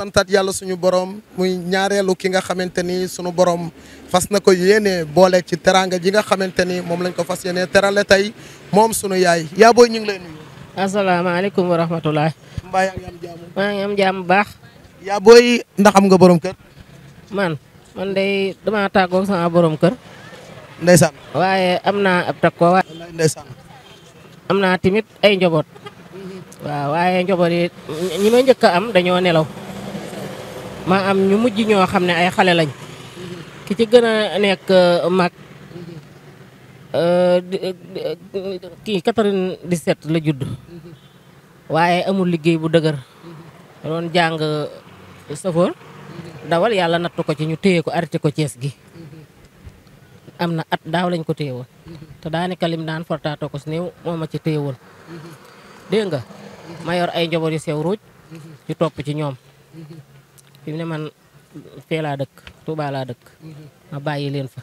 santaat yàlla suñu borom muy nyare ki nga xamante ni suñu borom fas na yene yéene boole ci teranga ji nga xamante ni moom lañ ko fas yéene terale tey mom suñu yaay ya boy ñu ngi lay nuyu. asalaamaaleykum wa rahmatulah. mbaa yaa ngi am jàmm. maa ngi am jàmm bu baax. yaa ndax am nga borom kër. man man day dama tàggoog sama borom kër. ndeysaan. waaye am naa ab takko waaye. ndeysaan. am naa ay njaboot. Mhm. waaw waaye njaboot ñi am dañoo nelaw. Ma, am ñu mujj ño xamne ne ay xalé lañ ki ci gëna nek mak ki euh, kii 97 la judd waaye amul liggey bu deugar doon jang sofor dawal yalla nattu ko ci ñu teye ko arrêté ko ciess gi amna at daw lañ ko téye woon te daanaka lim daan fortaatoo ko sneew moma ci téye nga mayor ay njobori sew ruuj ci top ci ñom fi ne man fee laa dëkk Touba laa dëkk ma bàyyi leen fa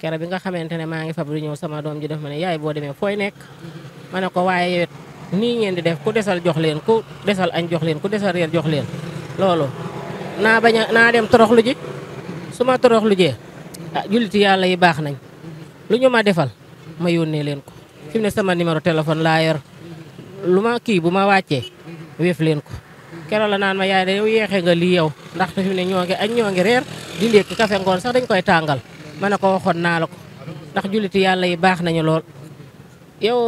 kere bi nga xamante ne maa ngi fab di ñëw sama doom ji def ma ne yaay boo demee fooy nekk mhm. ma ne ko waaye nii ngeen di def ku desal jox leen ku desal añ jox leen ku desal reer jox leen loolu naa bañ na naa dem toroxlu ji mhm. su ma toroxlu jee ah julliti yàlla ya yi baax nañ mhm. lu ñu defal ma yónnee leen ko fi mu ne sama numéro téléphone laa yor lu ma kii bu ma wàccee ko keroog la naan ma yaay da yeexe nga lii yow ndaxte fi mu ne ñoo ngi añ ñoo ngi reer di kafe ngoon sax dañ koy tàngal ma ne ko waxoon naa la ko ndax julliti yàlla yi baax nañu lool yow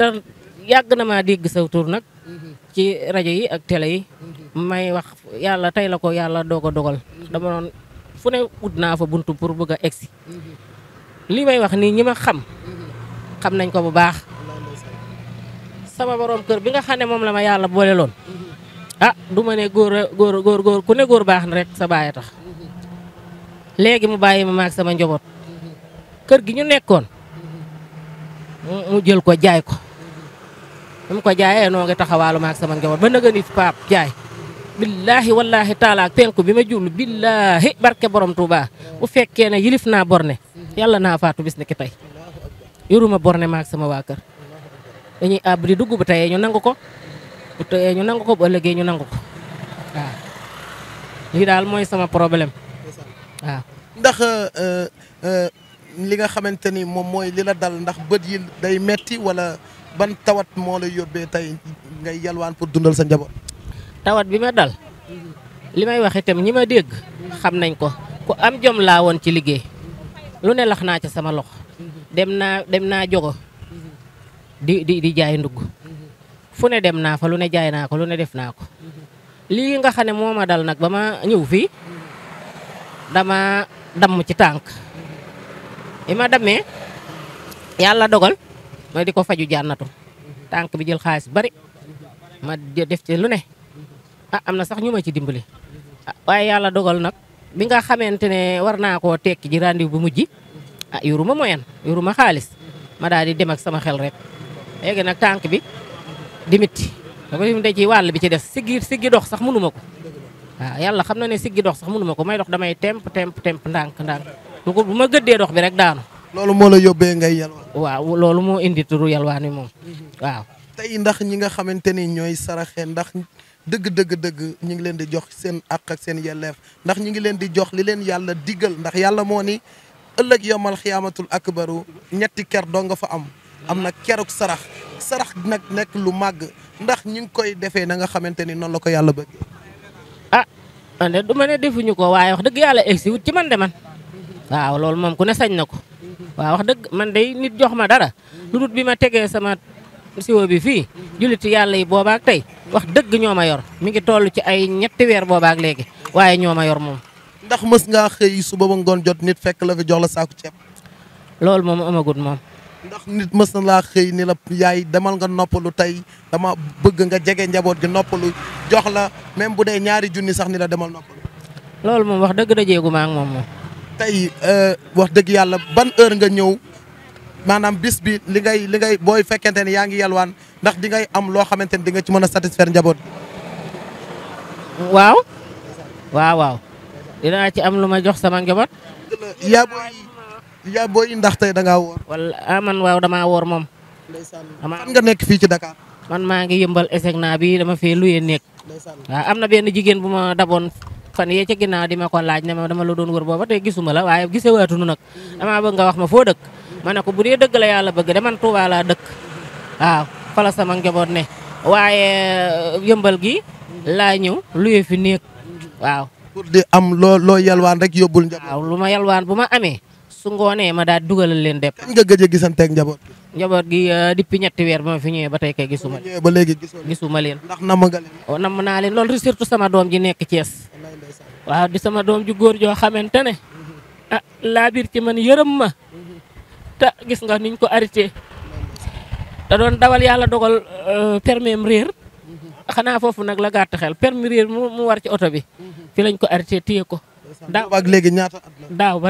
da yàgg na maa dégg sa nag ci rajo yi ak télé yi may wax yàlla tey la ko yàlla doog a dogal dama doon fu ne ut naa fa buntu pour bëgg a egsi lii may wax nii ñi ma xam xam nañ ko bu baax sama borom kër bi nga xam ne moom la ma yàlla boole loon ah duma ne gor gor gor gor ku ne gor bax na rek sa baye tax legi mu baye ma mak sama njobot keur gi ñu nekkon mu jël ko jaay ko nu ko jaayé no nga taxawaalu mak sama njobot ba nëgëni paap jaay billahi wallahi taala penku bi ma jublu barke borom Touba bu fekke ne yilif na borne yalla na faatu bis ni ki tay yoruma borne mak sama waa kër dañuy abri duggu ba tay ñu nang ko bu teyee ñu nangu ko bu ëllëgee ñu nangu ko waaw lii daal mooy sama problème waaw. ndax euh, euh, li nga xamante ni moom mooy li la dal ndax bët yi day metti walla ban tawat moo la yóbbee tey ngay yalwaan pour dundal sa njaboot. tawat bi ma dal li may wax itam ñi ma dégg xam nañ ko ku am jom laa woon ci liggéey lu ne lax naa ca sama loxo dem naa dem naa jogo di di di jaay ndugg. fu ne dem naa fa lu ne jaay naa ko lu ne def naa ko lii nga xam ne moo ma dal nag ba ma ñëw dama damm ci tànk bi ma dammee yàlla dogal ma di ko faju jànnatu tànk bi jël xaalis bari ma def ci lu ne ah am na sax ñu ma ci dimbali ah, waaye yàlla dogal nag bi nga xamante ne war naa koo tekki ji rendez bu mujj ah yoruma moyen yoruma xaalis ma daal di dem ak sama xel rek léegi nag tànk bi di métti dafa day ci wàll bi ci des siggi siggi dox sax mënuma ko waaw yàlla xam na ne siggi dox sax mënuma ko may dox damay temp temp temp ndànk ndànk bu ko bu ma gëddee dox bi rek daanu. loolu moo la yóbbee ngay yalwaan. waaw loolu moo indi turu yalwaan wi moom mm-hmm. waaw. tey ndax ñi nga xamante ni ñooy saraxe ndax dëgg dëgg dëgg ñi ngi leen di jox seen àq seen yelleef ndax ñi ngi leen di jox li leen yàlla diggal ndax yàlla moo ni ëllëg yomal xiyaamatul akbaru ñetti ker doo nga fa am. am na keroog sarax sarax nag nekk lu màgg ndax ñu ngi koy defee na nga xamante ni noonu la ko yàlla bëgg ah man de du ma ne defuñu ko waaye wax dëgg yàlla egsi wut ci man de man waaw loolu moom ku ne sañ na ko waaw wax dëgg man de nit jox ma dara lu dut bi ma tegee sama siwo bi fii julliti yàlla yi boobaak tey wax dëgg ñoo ma yor mi ngi toll ci ay ñetti weer boobaak léegi waaye ñoo ma yor moom ndax mës ngaa xëy suba ba ngoon jot nit fekk la fi jox la saaku ceeb loolu moom amagut moom ndax nit mës na laa xëy ni la yaay demal nga noppalu tey dama bëgg nga jege njaboot gi noppalu jox la même bu dee ñaari junni sax ni la demal noppalu. loolu moom wax dëgg dajeegu ma ak moom moom. tey euh, wax dëgg yàlla ban heure nga ñëw maanaam bis bi li ngay li ngay booy fekkente ne yaa ngi yalwaan ndax di ngay am loo xamante ni di nga ci mën a satisfaire njaboot waaw. waaw waaw dinaa ci am lu ma jox sama njaboot. Ya boy ndax tay da ngaa woor. wala ah, man waw dama wor mom ndaysan fan nga nek fi ci Dakar. man ma ngi yembal échec naa bi dama fi luyee nek ndaysan nah, am ben jigen buma dabon fan ye ci ginaaw di ma ko laaj ne ma dama la doon wër booba tay gisuma la watu nu nak dama mhm. bëgg nga wax ma fo dekk ma ko la yalla bëgg de man Touba la dekk waaw ah, fala sama njaboot ne. waye yembal gi. Mhm. la ñëw luyee fi nek mhm. waaw. pour di am lo lo yalwaan rek yobul njaboot. waaw yalwaan sungone eh, ma da dugalal leen dep nga kan gi sante eh, ak njabot njabot gi di ñetti wer ma fi ñewé ba tey kay gisuma iya, ba léegi gisuma leen ndax namm nga leen oh nama na leen loolu surtout sama dom ji nekk Thiès waaw di sama dom ju gor jo xamantene ne mhm. ah laabir ci man yërëm ma mhm. ta gis nga niñ ko arrêté da doon dawal yalla dogal eh, permis am réer mhm. xanaa foofu nag la gatt xel permis rir mu war ci auto bi fi lañ ko arrêté téye ko daaw ak léegi ñaata at daaw ba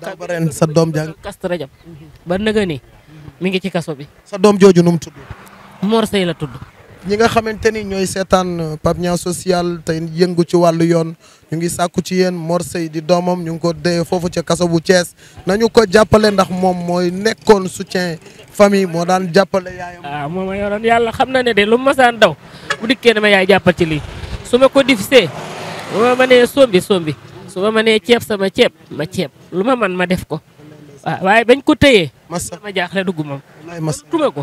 daaw ba sa doom jàng Kazu Rajab ba nëga ni mi ngi ci kaso bi. sa doom jooju nu mu tudd. Mor Seye la tudd. ñi nga xamante ni ñooy seetaan euh, Pape social tey yëngu ci wàll yoon ñu ngi sàkku ci yéen Mor Seye di doomam ñu ngi ko dee foofu ci kaso bu cees nañu ko jàppale ndax moom mooy nekkoon soutien fami moo daan jàppale yaayam. Ah, moom ma yoroon yàlla xam na ne de lu masaan daw bu dikkee ne ma yaay jàppal ci lii su ma ko diffusé ma ma nee sombi su ma mënee ceeb sama ceeb ma ceeb lu ma man ma def ko waaw waaye bañ ko tëyee. sama jaaxle dugg moom. tuma ko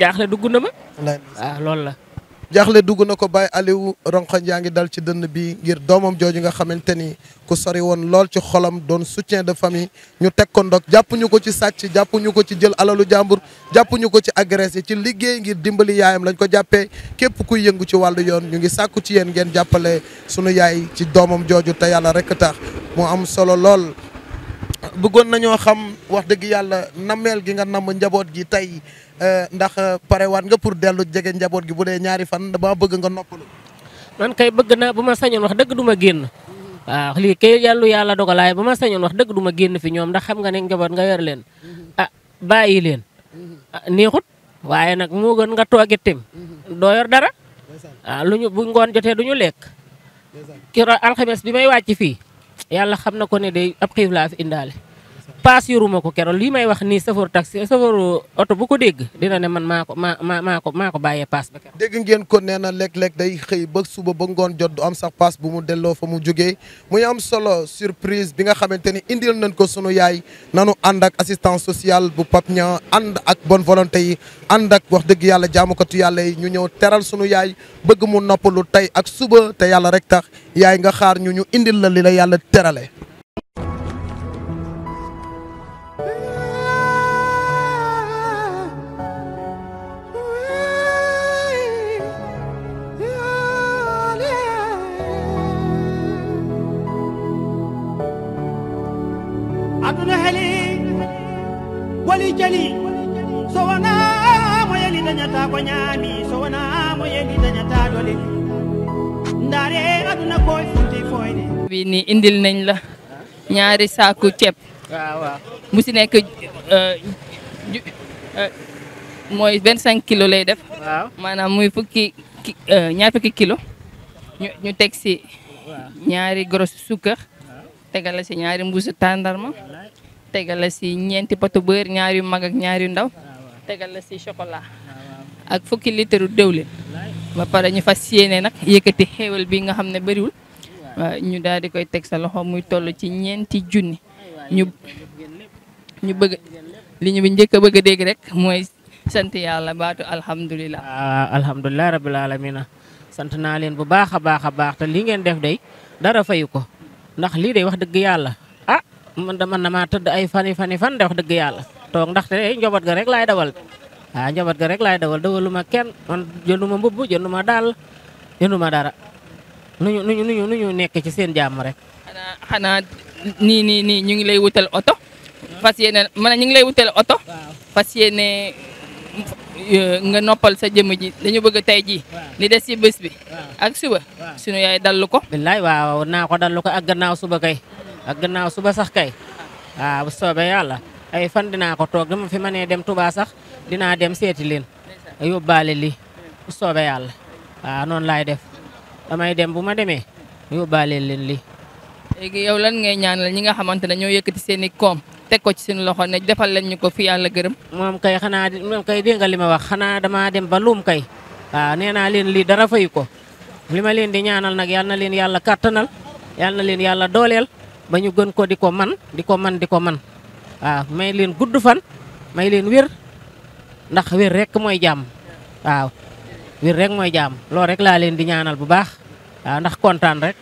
jaaxle dugg na ma waaw loolu la. jaaxle dugg na ko Baye Aliou ronkoñ yaa ngi dal ci dënn bi ngir doomam jooju nga xamante ni ku sori woon lool ci xolam don soutien de famille ñu teg ko ndog jàppuñu ko ci sàcc jàppuñu ko ci jël alalu jàmbur jàppuñu ko ci agressé ci liggéey ngir dimbali yaayam lañ ko jàppee képp ku yëngu ci wàllu yoon ñu ngi sàkku ci yéen ngeen jàppale sunu yaay ci doomam jooju te yàlla rek tax moo am solo lool bëggoon nañoo xam wax dëgg yàlla nameel gi nga namm njaboot gi tey Eh, ndax eh, pare waat nga pour dellu jege njaboot gi bu dee ñaari fan dama bëgg nga noppalu. man kay bëgg na bu ma sañoon wax dëgg du ma génn. waaw lii kay yàllu yàlla dogalaay bu ma sañoon wax dëgg du ma génn fi ñoom ndax xam nga ne njaboot nga yor leen. ah bàyyi leen. ah waaye nag moo gën nga toog itam. dara. Ah, lu ñu bu ngoon jotee du ñu lekk. kiro alxames bi may wàcc fii. yàlla xam na ko ne day ab xiif laa fi indaale. pass yu ruma kero keroog lii may wax nii safaru taxi safaru oto bu ko dégg dina ne man mako ko maa maa ko maa ko bàyyee paas ba keroog. dégg ngeen ko nee na lek day ba suba ba jot am sax pass bu mu delloo fa mu am solo surprise bi nga teni indil nan ko sunu yaay nanu andak asistan assistance sociale bu papnya Niang ak bonne volonté yi ànd ak wax dëgg yàlla jaamukatu tu yi ñu ñëw teral sunu yaay bëgg mu noppalu ak suba te yàlla rek tax yaay nga xaar ñu ñu indil la terale nyami so mo aduna koy bi ni indil nañ la ñaari saaku ceeb waaw waaw mu si nekk euh, euh, mooy kilo lay def waaw maanaam muy fukki euh, ñaar fukki kilo ñu ñu teg si ñaari gros sukkar tegal la si ñaari tegalasi tàndarma tegal la si ñeenti patu beurre ñaari mag ak ñaari ndaw tegal la chocolat ak fukki litre dewlin ba para ñu fas yéene nag yëkkati xéewal bi nga xamne ne bëriwul waaw ñu daal di koy tek sa loxo muy tollu ci ñenti junni ñu ñu bëgg li ñu bi njëkk bëgg a dégg rek moy sante yalla baatu alhamdulilah. alhamdullilah rabbil alamin sante na leen bu baaxa baaxa baax te li ngeen def day dara fayuko ndax li day wax dëgg yalla ah man dama na ma tedd ay fani fani fan day wax dëgg tok ndax te eh, njoboot ga rek lay dawal. a ah, njaboot ga rek laay dawal dawaluma kenn man jënduma mbubb jënduma daal jënduma dara nuñu nuñu nuñu nuñu nekk ci seen jàmm rek. xanaa xanaa nii nii nii ñu ngi lay wutal oto. fas yéene man ñu ngi lay wutal oto. fas yéene euh, nga noppal sa jëmm ji dañu bëgg tey jii. li des ci bés bi. ak suba. sunu yaay dallu ko. billaay waaw naa ko dallu ko ak gannaaw suba kay. ak gannaaw suba sax kay. waaw ah, bu soobee yàlla ay fan dinaa ko toog dama fi mënee dem tubaa sax. Dina dem seti leen yóbbaale li bu soobee yàlla non non laay def damay dem buma ma demee yóbbaale leen lii. léegi yow lan ngay ñaanal ñi nga xamante ne yëkëti seeni kom i ko ci seen loxo ne defal leen ñuko fi yalla gërëm. mom kay xana mom kay dégg nga wax xana dama dem ba lum kay ah nee len li dara fay ko lima ma di ñaanal nak yalla len yalla katanal yalla len yalla dolel bañu gën ko diko man diko man diko man may len gudd fan may len wir ndax wér rek mooy jàmm waaw wér rek mooy jàmm loolu rek laa leen di ñaanal bu baax waaw ndax kontaan rek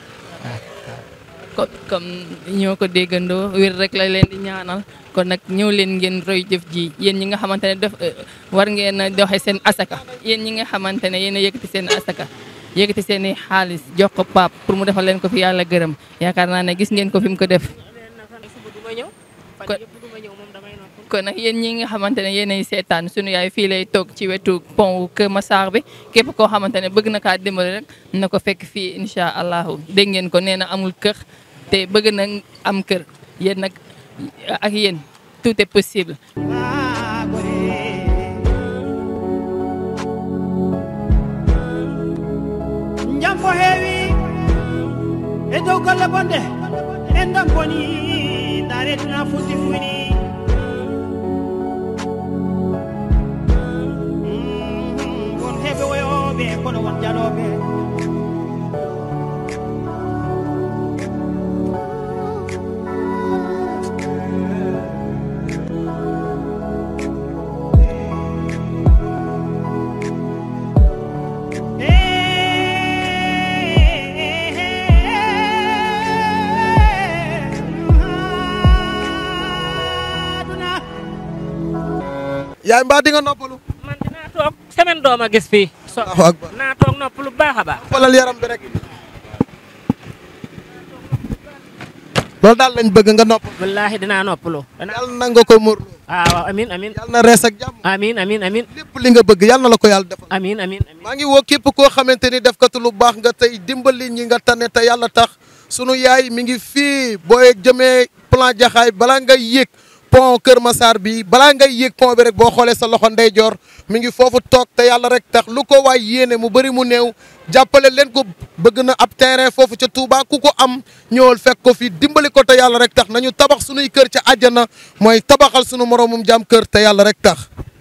waaw. comme ñoo ko déggandoo wér rek la leen di ñaanal kon nag ñëw leen ngeen roy jëf ji yéen ñi nga xamante ne def euh, war ngeen a doxe seen asaka yéen ñi nga xamante ne yéen a yëkkati seen asaka yëkkati seen i xaalis jox ko paap pour mu defal leen ko fi yàlla gërëm yaakaar naa ne gis ngeen ko fi mu ko def. ko na yen ñi nga xamante ne yéenay seetaan sunu yaay fii lay toog ci wetu pont ke Massar bi kep ko xamante ne bëgg na ka dimbali rek nako ko fekk fii incha allahu dégg ngeen ko nee amul kër te bëgg na am kër yen nak ak yen tout est possible. jam ko heewi e dow golle bonde en dam boni daretna futti funi kono won jaloɓe yaay mbaa di nga noppalu man gis so naa toog nopp lu baax a baax. xoolal yaram bi rek. loolu daal lañ bëgg nga nopp. wallaahi ah waaw amiin amiin. yàlla na rees ak jàmm. amiin amiin amiin. lépp li nga bëgg yàlla na la ko yàlla defal. amiin amiin amiin. maa ngi woo képp koo sunu yaay mi ngi fii booy jëmee plan jaxaay balaa nga yéeg. pont Kër masaar bi balaa ngay yéeg pont bi rek boo xoolee sa loxo ndeyjoor mu ngi foofu toog te yàlla rek tax lu ko waay yéene mu bëri mu néew jàppale leen ko bëgg na ab terrain foofu ca tuubaaku ko am ñëwal fekk ko fi dimbali ko te yàlla rek tax nañu tabax sunuy kër ca àjjana mooy tabaxal sunu moroomum jàmm kër te yàlla rek tax